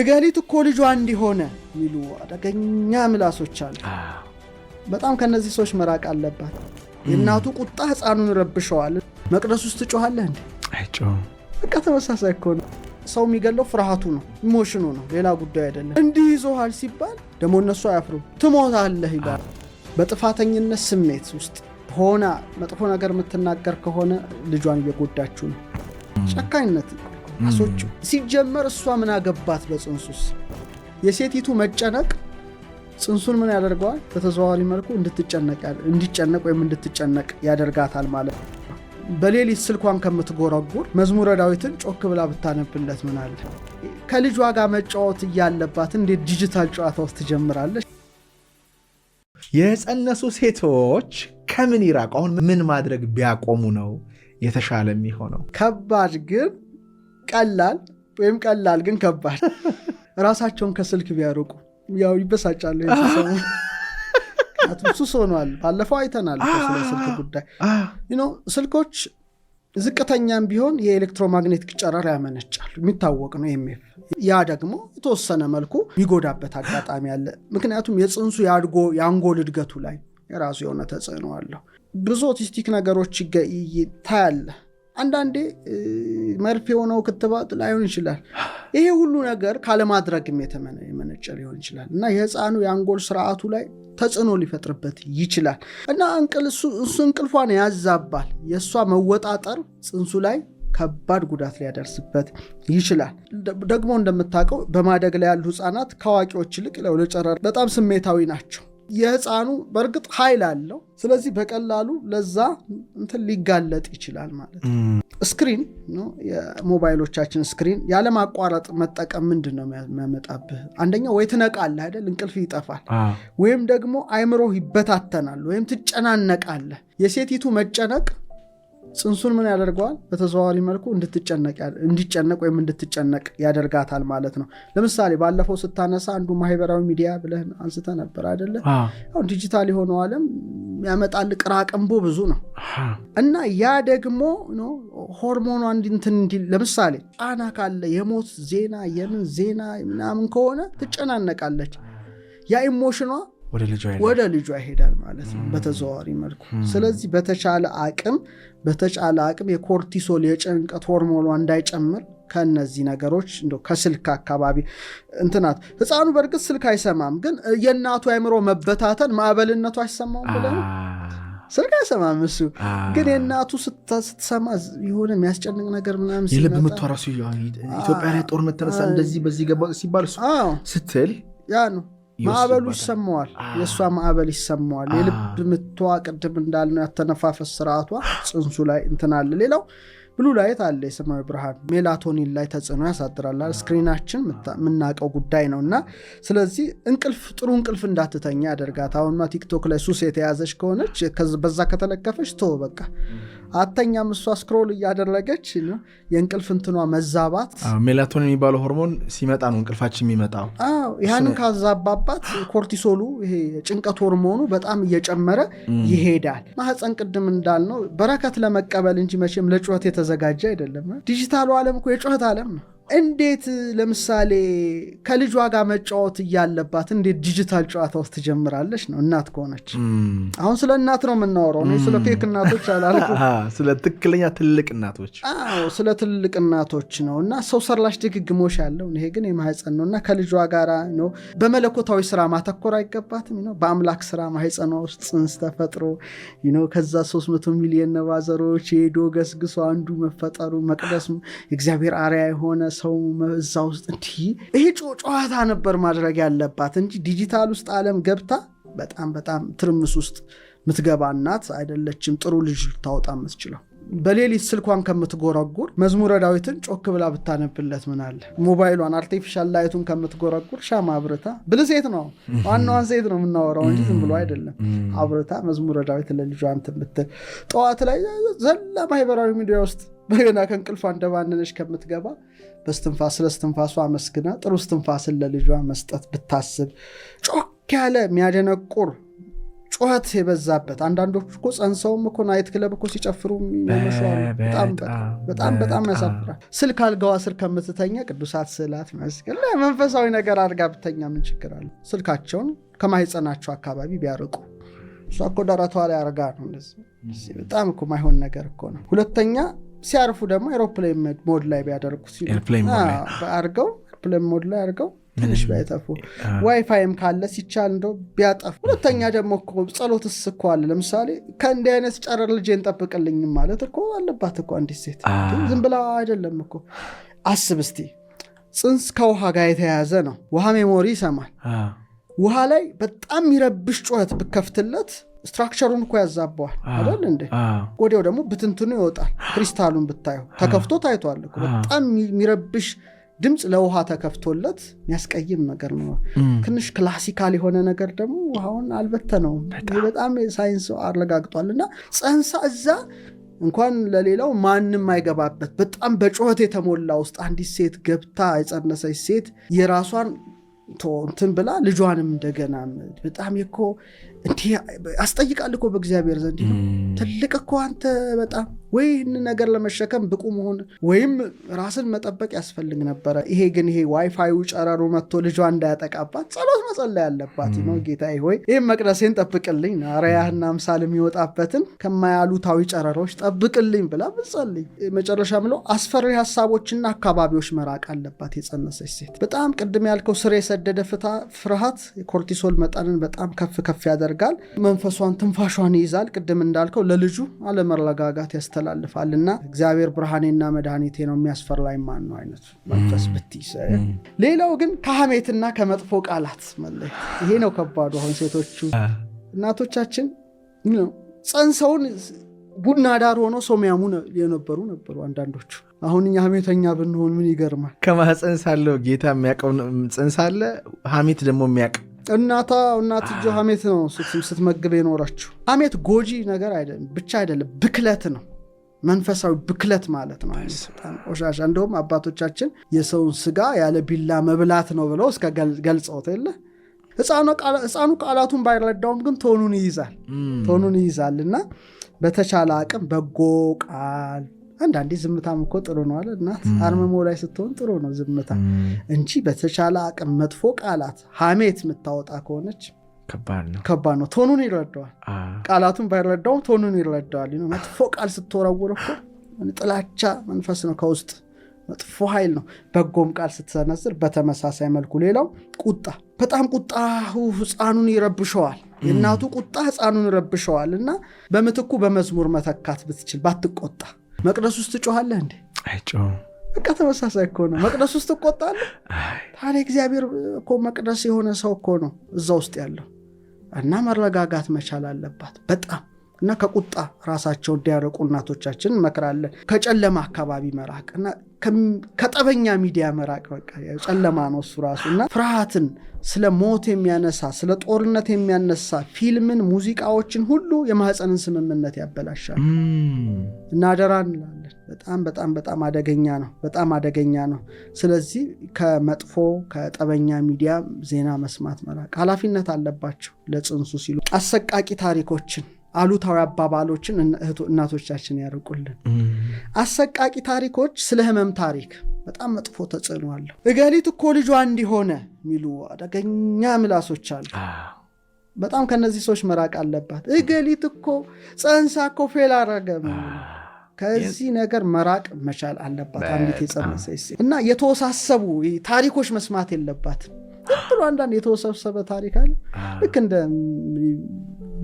እገሊት እኮ ልጇ እንዲሆነ የሚሉ አደገኛ ምላሶች አሉ። በጣም ከነዚህ ሰዎች መራቅ አለባት። የእናቱ ቁጣ ህፃኑን ረብሸዋል። መቅደስ ውስጥ ትጮኋለህ እንዴ? በቃ ተመሳሳይ እኮ ነው። ሰው የሚገለው ፍርሃቱ ነው፣ ኢሞሽኑ ነው፣ ሌላ ጉዳይ አይደለም። እንዲህ ይዞሃል ሲባል ደግሞ እነሱ አያፍሩም። ትሞታለህ ይላል። በጥፋተኝነት ስሜት ውስጥ ሆና መጥፎ ነገር የምትናገር ከሆነ ልጇን እየጎዳችሁ ነው። ጨካኝነት አሶቹ ሲጀመር እሷ ምን አገባት በጽንሱስ? የሴቲቱ መጨነቅ ጽንሱን ምን ያደርገዋል? በተዘዋዋሪ መልኩ እንዲጨነቅ ወይም እንድትጨነቅ ያደርጋታል ማለት ነው። በሌሊት ስልኳን ከምትጎረጉር መዝሙረ ዳዊትን ጮክ ብላ ብታነብለት ምን አለ? ከልጇ ጋር መጫወት እያለባት እንዴት ዲጂታል ጨዋታ ውስጥ ትጀምራለች? የጸነሱ ሴቶች ከምን ይራቁ? አሁን ምን ማድረግ ቢያቆሙ ነው የተሻለ የሚሆነው? ከባድ ግን ቀላል ወይም ቀላል ግን ከባድ ራሳቸውን ከስልክ ቢያርቁ ያው ይበሳጫሉ። ቱ ሱስ ሆኗል። ባለፈው አይተናል ስልክ ጉዳይ። ስልኮች ዝቅተኛም ቢሆን የኤሌክትሮማግኔቲክ ጨረር ያመነጫል፣ የሚታወቅ ነው የሚል ያ ደግሞ የተወሰነ መልኩ የሚጎዳበት አጋጣሚ አለ። ምክንያቱም የፅንሱ የአድጎ የአንጎል እድገቱ ላይ የራሱ የሆነ ተጽዕኖ አለው። ብዙ ኦቲስቲክ ነገሮች ታያለ አንዳንዴ መርፌ የሆነው ክትባት ላይሆን ይችላል። ይሄ ሁሉ ነገር ካለማድረግም የተመነጨ ሊሆን ይችላል እና የህፃኑ የአንጎል ስርዓቱ ላይ ተጽዕኖ ሊፈጥርበት ይችላል እና እሱ እንቅልፏን ያዛባል። የእሷ መወጣጠር ጽንሱ ላይ ከባድ ጉዳት ሊያደርስበት ይችላል። ደግሞ እንደምታውቀው በማደግ ላይ ያሉ ህፃናት ከአዋቂዎች ይልቅ ለጨረር በጣም ስሜታዊ ናቸው። የህፃኑ በእርግጥ ኃይል አለው። ስለዚህ በቀላሉ ለዛ እንትን ሊጋለጥ ይችላል ማለት ነው። ስክሪን የሞባይሎቻችን ስክሪን ያለማቋረጥ መጠቀም ምንድን ነው የሚያመጣብህ? አንደኛ ወይ ትነቃለ አይደል፣ እንቅልፍ ይጠፋል፣ ወይም ደግሞ አይምሮ ይበታተናል፣ ወይም ትጨናነቃለህ። የሴቲቱ መጨነቅ ጽንሱን ምን ያደርገዋል? በተዘዋዋሪ መልኩ እንዲጨነቅ ወይም እንድትጨነቅ ያደርጋታል ማለት ነው። ለምሳሌ ባለፈው ስታነሳ አንዱ ማህበራዊ ሚዲያ ብለህ አንስተ ነበር አደለ ዲጂታል የሆነው አለም ያመጣል ቅራቅንቦ ብዙ ነው እና ያ ደግሞ ሆርሞኗ እንዲንትን ለምሳሌ ጫና ካለ የሞት ዜና የምን ዜና ምናምን ከሆነ ትጨናነቃለች። ያ ኢሞሽኗ ወደ ልጇ ይሄዳል ማለት ነው በተዘዋዋሪ መልኩ። ስለዚህ በተቻለ አቅም በተጫለ አቅም የኮርቲሶል የጭንቀት ሆርሞኗ እንዳይጨምር ከነዚህ ነገሮች እንደ ከስልክ አካባቢ እንትናት ህፃኑ በእርግጥ ስልክ አይሰማም፣ ግን የእናቱ አይምሮ መበታተን ማዕበልነቱ አይሰማውም ብለ ስልክ አይሰማም እሱ ግን የእናቱ ስትሰማ የሆነ የሚያስጨንቅ ነገር ምናምን የልብ ምቷ ራሱ ኢትዮጵያ ላይ ጦርነት ተነሳ እንደዚህ በዚህ ገባ ሲባል ስትል ያ ነው ማዕበሉ ይሰማዋል። የእሷ ማዕበል ይሰማዋል። የልብ ምቷ ቅድም እንዳልነው ያተነፋፈስ ስርዓቷ ጽንሱ ላይ እንትናለ ሌላው ብሉ ላይት አለ፣ የሰማያዊ ብርሃን ሜላቶኒን ላይ ተጽዕኖ ያሳድራላል ስክሪናችን የምናውቀው ጉዳይ ነው እና ስለዚህ እንቅልፍ ጥሩ እንቅልፍ እንዳትተኛ ያደርጋት። አሁንማ ቲክቶክ ላይ ሱስ የተያዘች ከሆነች በዛ ከተለከፈች ቶ በቃ አተኛም እሷ ስክሮል እያደረገች የእንቅልፍ እንትኗ መዛባት ሜላቶን የሚባለው ሆርሞን ሲመጣ ነው እንቅልፋችን የሚመጣው። ያንን ካዛባባት ኮርቲሶሉ ይሄ ጭንቀት ሆርሞኑ በጣም እየጨመረ ይሄዳል። ማህፀን ቅድም እንዳልነው በረከት ለመቀበል እንጂ መቼም ለጩኸት የተዘጋጀ አይደለም። ዲጂታሉ አለም እኮ የጩኸት አለም ነው። እንዴት ለምሳሌ ከልጇ ጋር መጫወት እያለባት እንዴት ዲጂታል ጨዋታ ውስጥ ትጀምራለች? ነው እናት ከሆነች አሁን ስለ እናት ነው የምናወረው የምናወራው፣ ስለ ፌክ እናቶች አላልኩም፣ ስለ ትክክለኛ ትልቅ እናቶች፣ ስለ ትልቅ እናቶች ነው። እና ሰው ሰራሽ ድግግሞሽ ያለው ይሄ ግን የማህፀን ነው። እና ከልጇ ጋር ነው በመለኮታዊ ስራ ማተኮር አይገባትም። ነው በአምላክ ስራ ማህፀኗ ውስጥ ፅንስ ተፈጥሮ ነው ከዛ 300 ሚሊዮን ነባዘሮች የሄዶ ገስግሶ አንዱ መፈጠሩ መቅደስ እግዚአብሔር አሪያ የሆነ ሰው እዛ ውስጥ እንዲህ ይሄ ጨዋታ ነበር ማድረግ ያለባት እንጂ ዲጂታል ውስጥ አለም ገብታ በጣም በጣም ትርምስ ውስጥ ምትገባ እናት አይደለችም። ጥሩ ልጅ ልታወጣ የምትችለው በሌሊት ስልኳን ከምትጎረጉር መዝሙረ ዳዊትን ጮክ ብላ ብታነብለት ምን አለ? ሞባይሏን አርቲፊሻል ላይቱን ከምትጎረጉር ሻማ አብርታ ብል ሴት ነው፣ ዋናዋን ሴት ነው የምናወራው እንጂ ዝም ብሎ አይደለም። አብርታ መዝሙረ ዳዊት ለልጇ እንትን ብትል ጠዋት ላይ ዘላ ማህበራዊ ሚዲያ ውስጥ በገና ከእንቅልፏ እንደባነነች ከምትገባ በስትንፋስ ስለ ስትንፋሷ አመስግና ጥሩ ስትንፋስን ለልጇ መስጠት ብታስብ ጮክ ያለ የሚያደነቁር ጩኸት የበዛበት አንዳንዶች እኮ ጸንሰውም እኮ ናይት ክለብ እኮ ሲጨፍሩ በጣም በጣም ያሳፍራል። ስልክ አልጋዋ ስር ከምትተኛ ቅዱሳት ስዕላት መስቀል መንፈሳዊ ነገር አድርጋ ብተኛ ምን ችግር አለ? ስልካቸውን ከማህፀናቸው አካባቢ ቢያርቁ እሷ እኮ ደረቷ ላይ አርጋ ነው። በጣም እኮ ማይሆን ነገር እኮ ነው። ሁለተኛ ሲያርፉ ደግሞ ኤሮፕላን ሞድ ላይ ቢያደርጉ ሲአርገው ኤሮፕላን ሞድ ላይ አርገው ትንሽ ባይጠፉ ዋይፋይም ካለ ሲቻል እንደው ቢያጠፉ። ሁለተኛ ደግሞ እኮ ጸሎትስ እኮ አለ። ለምሳሌ ከእንዲህ አይነት ጨረር ልጅ ጠብቅልኝም ማለት እኮ አለባት እኮ አንዲት ሴት ዝም ብላ አይደለም እኮ። አስብ እስቲ ፅንስ ከውሃ ጋር የተያያዘ ነው። ውሃ ሜሞሪ ይሰማል። ውሃ ላይ በጣም የሚረብሽ ጩኸት ብከፍትለት ስትራክቸሩን እኮ ያዛበዋል አይደል እንዴ? ወዲያው ደግሞ ብትንትኑ ይወጣል። ክሪስታሉን ብታየው ተከፍቶ ታይቷል። በጣም የሚረብሽ ድምፅ ለውሃ ተከፍቶለት የሚያስቀይም ነገር ነው። ትንሽ ክላሲካል የሆነ ነገር ደግሞ ውሃውን አልበተነውም። በጣም ሳይንስ አረጋግጧል። እና ፀንሳ እዛ እንኳን ለሌላው ማንም አይገባበት በጣም በጩኸት የተሞላ ውስጥ አንዲት ሴት ገብታ የጸነሰች ሴት የራሷን እንትን ብላ ልጇንም እንደገና በጣም የኮ እንዲህ አስጠይቃል እኮ በእግዚአብሔር ዘንድ ትልቅ እኮ አንተ በጣም ወይ ይህን ነገር ለመሸከም ብቁ መሆን ወይም ራስን መጠበቅ ያስፈልግ ነበረ። ይሄ ግን ይሄ ዋይፋዩ ጨረሩ መጥቶ ልጇ እንዳያጠቃባት ጸሎት መጸለይ ያለባት ነው። ጌታ ሆይ ይህም መቅደሴን ጠብቅልኝ፣ አርያህና ምሳል የሚወጣበትን ከማያሉታዊ ጨረሮች ጠብቅልኝ ብላ ብጸልኝ፣ መጨረሻ ምለው አስፈሪ ሀሳቦችና አካባቢዎች መራቅ አለባት። የጸነሰች ሴት በጣም ቅድም ያልከው ስር የሰደደ ፍርሃት የኮርቲሶል መጠንን በጣም ከፍ ከፍ ያደርግ ያደርጋል። መንፈሷን ትንፋሿን ይይዛል። ቅድም እንዳልከው ለልጁ አለመረጋጋት ያስተላልፋል እና እግዚአብሔር ብርሃኔና መድኃኒቴ ነው የሚያስፈራኝ ማን ነው አይነቱ መንፈስ ብትይዝ። ሌላው ግን ከሀሜትና ከመጥፎ ቃላት መለየት፣ ይሄ ነው ከባዱ። አሁን ሴቶቹ እናቶቻችን ጸንሰውን ቡና ዳር ሆኖ ሰው የሚያሙ የነበሩ ነበሩ አንዳንዶቹ። አሁን እኛ ሀሜተኛ ብንሆን ምን ይገርማል? ከማህፀን ሳለው ጌታ የሚያውቀው ጽንስ አለ ሀሜት ደግሞ የሚያውቅ እናታ እናት እጆ ሀሜት ነው ስትመግብ የኖረችው። ሀሜት ጎጂ ነገር አይደለም ብቻ አይደለም ብክለት ነው፣ መንፈሳዊ ብክለት ማለት ነው። በጣም ቆሻሻ። እንደውም አባቶቻችን የሰውን ስጋ ያለ ቢላ መብላት ነው ብለው እስከ ገልጸውት የለ ህፃኑ ቃላቱን ባይረዳውም ግን ቶኑን ይይዛል ቶኑን ይይዛል እና በተቻለ አቅም በጎ ቃል አንዳንዴ ዝምታም እኮ ጥሩ ነው አለ እናት አርመሞ ላይ ስትሆን ጥሩ ነው ዝምታ እንጂ በተቻለ አቅም መጥፎ ቃላት ሀሜት የምታወጣ ከሆነች ከባድ ነው። ቶኑን ይረዳዋል። ቃላቱን ባይረዳው ቶኑን ይረዳዋል። መጥፎ ቃል ስትወረውር ጥላቻ መንፈስ ነው ከውስጥ መጥፎ ኃይል ነው። በጎም ቃል ስትሰነዝር በተመሳሳይ መልኩ። ሌላው ቁጣ፣ በጣም ቁጣ ህፃኑን ይረብሸዋል። የእናቱ ቁጣ ህፃኑን ይረብሸዋል እና በምትኩ በመዝሙር መተካት ብትችል ባትቆጣ መቅደስ ውስጥ ጮኋለህ እንዴ? አይጮህም። በቃ ተመሳሳይ እኮ ነው። መቅደስ ውስጥ እቆጣለ ታዲያ እግዚአብሔር እኮ መቅደስ የሆነ ሰው እኮ ነው እዛ ውስጥ ያለው እና መረጋጋት መቻል አለባት በጣም እና ከቁጣ ራሳቸው እንዲያረቁ እናቶቻችን እመክራለን። ከጨለማ አካባቢ መራቅ እና ከጠበኛ ሚዲያ መራቅ። በቃ ጨለማ ነው እሱ ራሱ እና ፍርሃትን ስለ ሞት የሚያነሳ ስለ ጦርነት የሚያነሳ ፊልምን፣ ሙዚቃዎችን ሁሉ የማህፀንን ስምምነት ያበላሻል እና አደራ እንላለን። በጣም በጣም በጣም አደገኛ ነው፣ በጣም አደገኛ ነው። ስለዚህ ከመጥፎ ከጠበኛ ሚዲያ ዜና መስማት መራቅ ኃላፊነት አለባቸው ለጽንሱ ሲሉ አሰቃቂ ታሪኮችን አሉታዊ አባባሎችን እናቶቻችን ያርቁልን። አሰቃቂ ታሪኮች፣ ስለ ህመም ታሪክ በጣም መጥፎ ተጽዕኖ አለው። እገሊት እኮ ልጇ እንዲሆነ የሚሉ አደገኛ ምላሶች አሉ። በጣም ከነዚህ ሰዎች መራቅ አለባት። እገሊት እኮ ፀንሳ እኮ ፌል አረገ። ከዚህ ነገር መራቅ መቻል አለባት። አንዲት የጸመሰ እና የተወሳሰቡ ታሪኮች መስማት የለባትም ብሎ አንዳንድ የተወሰብሰበ ታሪክ አለ ልክ እንደ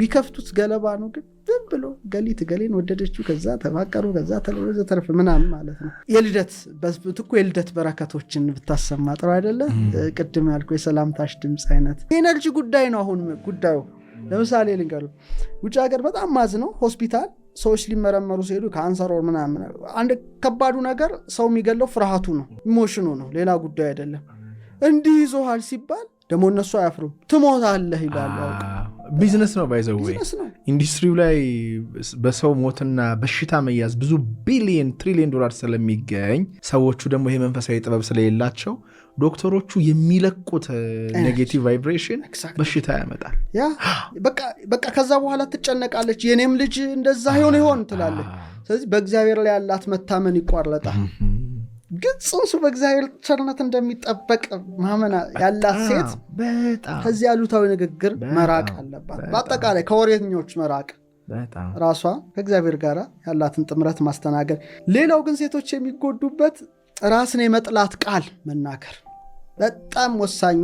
ቢከፍቱት ገለባ ነው። ግን ዝም ብሎ ገሊት ገሌን ወደደችው፣ ከዛ ተፋቀሩ፣ ከዛ ተለወዘ ተረፈ ምናምን ማለት ነው። የልደት በትኩ የልደት በረከቶችን ብታሰማ ጥሩ አይደለ? ቅድም ያልኩ የሰላምታሽ ድምፅ አይነት የኤነርጂ ጉዳይ ነው። አሁን ጉዳዩ ለምሳሌ ልንገሩ፣ ውጭ ሀገር በጣም ማዝ ነው ሆስፒታል ሰዎች ሊመረመሩ ሲሄዱ ካንሰር ወር ምናምን፣ አንድ ከባዱ ነገር ሰው የሚገለው ፍርሃቱ ነው፣ ኢሞሽኑ ነው፣ ሌላ ጉዳይ አይደለም። እንዲህ ይዞሃል ሲባል ደግሞ እነሱ አያፍሩም። ትሞታለህ ይላሉ። ቢዝነስ ነው ባይዘው ኢንዱስትሪው ላይ በሰው ሞትና በሽታ መያዝ ብዙ ቢሊየን ትሪሊየን ዶላር ስለሚገኝ ሰዎቹ ደግሞ ይሄ መንፈሳዊ ጥበብ ስለሌላቸው ዶክተሮቹ የሚለቁት ኔጌቲቭ ቫይብሬሽን በሽታ ያመጣል። በቃ ከዛ በኋላ ትጨነቃለች። የኔም ልጅ እንደዛ ይሆን ይሆን ትላለች። ስለዚህ በእግዚአብሔር ላይ ያላት መታመን ይቋረጣል። ግልጽ እንሱ በእግዚአብሔር ቸርነት እንደሚጠበቅ ማመን ያላት ሴት ከዚህ ያሉታዊ ንግግር መራቅ አለባት። በአጠቃላይ ከወሬኞች መራቅ፣ ራሷ ከእግዚአብሔር ጋር ያላትን ጥምረት ማስተናገድ። ሌላው ግን ሴቶች የሚጎዱበት ራስን የመጥላት ቃል መናገር በጣም ወሳኙ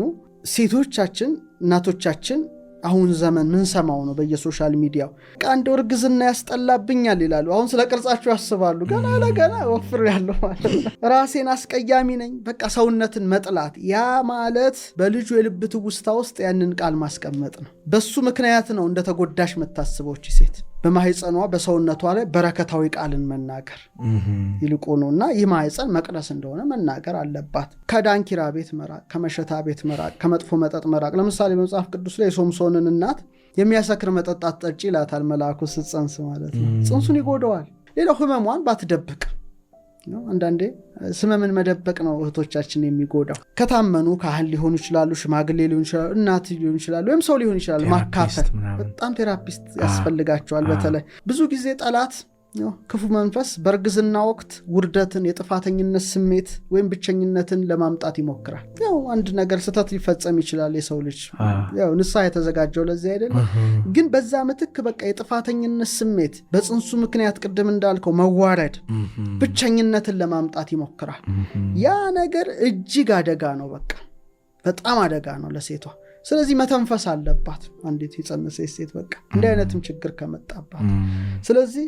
ሴቶቻችን እናቶቻችን አሁን ዘመን ምን ሰማው ነው በየሶሻል ሚዲያው ቀንድ እርግዝና ያስጠላብኛል ይላሉ። አሁን ስለ ቅርጻቸው ያስባሉ። ገና ለገና ወፍር ያለ ማለት ራሴን አስቀያሚ ነኝ። በቃ ሰውነትን መጥላት፣ ያ ማለት በልጁ የልብት ውስታ ውስጥ ያንን ቃል ማስቀመጥ ነው። በሱ ምክንያት ነው እንደ ተጎዳሽ መታስበች ሴት በማህፀኗ በሰውነቷ ላይ በረከታዊ ቃልን መናገር ነው እና ይህ ማህፀን መቅደስ እንደሆነ መናገር አለባት። ከዳንኪራ ቤት መራቅ፣ ከመሸታ ቤት መራቅ፣ ከመጥፎ መጠጥ መራቅ። ለምሳሌ በመጽሐፍ ቅዱስ ላይ የሶምሶንን እናት የሚያሰክር መጠጣት አትጠጪ ይላታል መልአኩ ስትፀንስ ማለት ነው። ጽንሱን ይጎደዋል። ሌላው ህመሟን ባትደብቅ አንዳንዴ ስመምን መደበቅ ነው እህቶቻችን የሚጎዳው። ከታመኑ ካህን ሊሆኑ ይችላሉ፣ ሽማግሌ ሊሆን ይችላሉ፣ እናት ሊሆን ይችላሉ፣ ወይም ሰው ሊሆን ይችላሉ። ማካፈል በጣም ቴራፒስት ያስፈልጋቸዋል። በተለይ ብዙ ጊዜ ጠላት ክፉ መንፈስ በእርግዝና ወቅት ውርደትን፣ የጥፋተኝነት ስሜት ወይም ብቸኝነትን ለማምጣት ይሞክራል። ያው አንድ ነገር ስህተት ሊፈጸም ይችላል። የሰው ልጅ ያው የተዘጋጀው ለዚህ አይደለም። ግን በዛ ምትክ በቃ የጥፋተኝነት ስሜት በጽንሱ ምክንያት ቅድም እንዳልከው መዋረድ፣ ብቸኝነትን ለማምጣት ይሞክራል። ያ ነገር እጅግ አደጋ ነው። በቃ በጣም አደጋ ነው ለሴቷ። ስለዚህ መተንፈስ አለባት አንዲት የጸነሰ ሴት በቃ እንዲህ አይነትም ችግር ከመጣባት ስለዚህ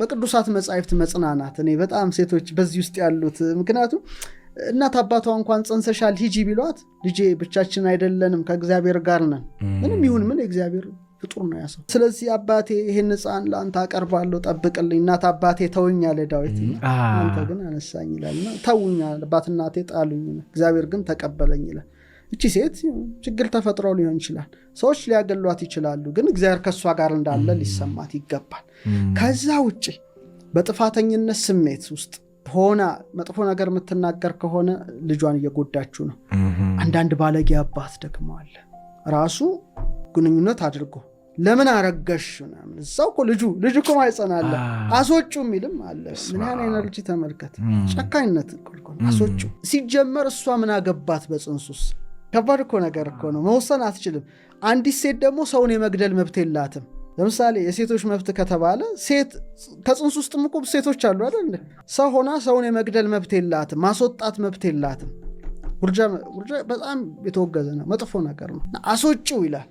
በቅዱሳት መጽሐፍት መጽናናት እኔ በጣም ሴቶች በዚህ ውስጥ ያሉት ምክንያቱም እናት አባቷ እንኳን ፀንሰሻል ሂጂ ቢሏት ልጄ ብቻችን አይደለንም ከእግዚአብሔር ጋር ነን፣ ምንም ይሁን ምን እግዚአብሔር ፍጡር ነው ያሰው። ስለዚህ አባቴ ይህን ህፃን ለአንተ አቀርባለሁ ጠብቅልኝ፣ እናት አባቴ ተውኛለ ዳዊት። አንተ ግን አነሳኝ ይላል። ተውኝ አባት እናቴ ጣሉኝ፣ እግዚአብሔር ግን ተቀበለኝ ይላል። እቺ ሴት ችግር ተፈጥሮ ሊሆን ይችላል፣ ሰዎች ሊያገሏት ይችላሉ። ግን እግዚአብሔር ከእሷ ጋር እንዳለ ሊሰማት ይገባል። ከዛ ውጭ በጥፋተኝነት ስሜት ውስጥ ሆና መጥፎ ነገር የምትናገር ከሆነ ልጇን እየጎዳችው ነው። አንዳንድ ባለጌ አባት ደግመዋለ ራሱ ግንኙነት አድርጎ ለምን አረገሽ? እዛው እኮ ልጁ ልጅ ኮ ማይጸናለ አሶጩ የሚልም አለ። ምን ያህል ኤነርጂ ተመልከት። ጨካኝነት አሶጩ ሲጀመር እሷ ምን አገባት በፅንሱስ ከባድ እኮ ነገር እኮ ነው። መወሰን አትችልም። አንዲት ሴት ደግሞ ሰውን የመግደል መብት የላትም። ለምሳሌ የሴቶች መብት ከተባለ ሴት ከፅንስ ውስጥም እኮ ሴቶች አሉ አይደል? ሰው ሆና ሰውን የመግደል መብት የላትም። ማስወጣት መብት የላትም። ውርጃ በጣም የተወገዘ ነው። መጥፎ ነገር ነው። አስወጪው ይላል።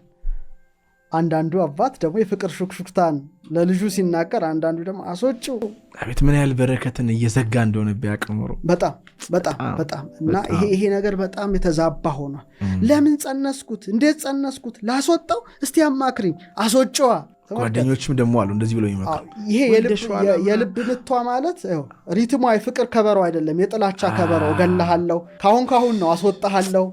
አንዳንዱ አባት ደግሞ የፍቅር ሹክሹክታን ለልጁ ሲናገር፣ አንዳንዱ ደግሞ አስወጪው። አቤት ምን ያህል በረከትን እየዘጋ እንደሆነ ቢያቀምሩ በጣም በጣም በጣም እና ይሄ ነገር በጣም የተዛባ ሆኗል። ለምን ጸነስኩት? እንዴት ጸነስኩት? ላስወጣው? እስቲ አማክሪኝ። አሶጭዋ ጓደኞችም ደግሞ አሉ እንደዚህ ብለው ይመካሉ። ይሄ የልብ ምቷ ማለት ሪትሟ የፍቅር ከበሮ አይደለም፣ የጥላቻ ከበሮ። ገላሃለው ካሁን ካሁን ነው፣ አስወጣሃለው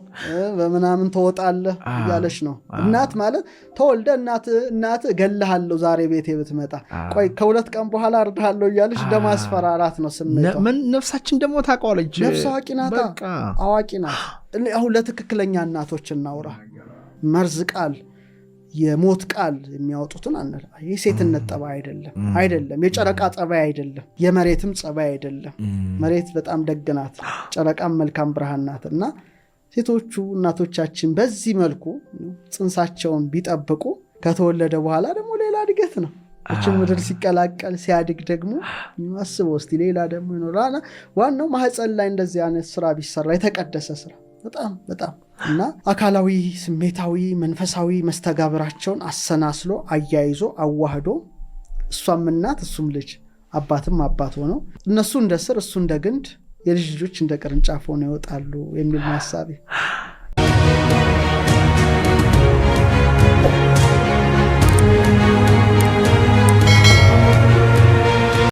በምናምን ተወጣለህ እያለች ነው። እናት ማለት ተወልደ እናት እናት ገላሃለው ዛሬ ቤቴ ብትመጣ፣ ቆይ ከሁለት ቀን በኋላ እርድሃለሁ እያለች ደማስፈራራት ነው ስምን ነፍሳችን ደግሞ ታቋለች ነፍስ አዋቂ ናታ፣ አዋቂ ናት። አሁን ለትክክለኛ እናቶች እናውራ። መርዝ ቃል የሞት ቃል የሚያወጡትን አነ ይህ ሴትነት ጠባይ አይደለም፣ አይደለም። የጨረቃ ጸባይ አይደለም፣ የመሬትም ጸባይ አይደለም። መሬት በጣም ደግ ጨረቃም መልካም ብርሃናት እና ሴቶቹ እናቶቻችን በዚህ መልኩ ፅንሳቸውን ቢጠብቁ ከተወለደ በኋላ ደግሞ ሌላ እድገት ነው። እችን ምድር ሲቀላቀል ሲያድግ ደግሞ አስበ እስኪ ሌላ ደግሞ ይኖራ ዋናው ማህፀን ላይ እንደዚህ አይነት ስራ ቢሰራ የተቀደሰ ስራ በጣም በጣም እና አካላዊ፣ ስሜታዊ፣ መንፈሳዊ መስተጋብራቸውን አሰናስሎ አያይዞ አዋህዶ እሷም እናት እሱም ልጅ አባትም አባት ሆነው እነሱ እንደ ስር እሱ እንደ ግንድ የልጅ ልጆች እንደ ቅርንጫፍ ሆነው ይወጣሉ የሚል ነው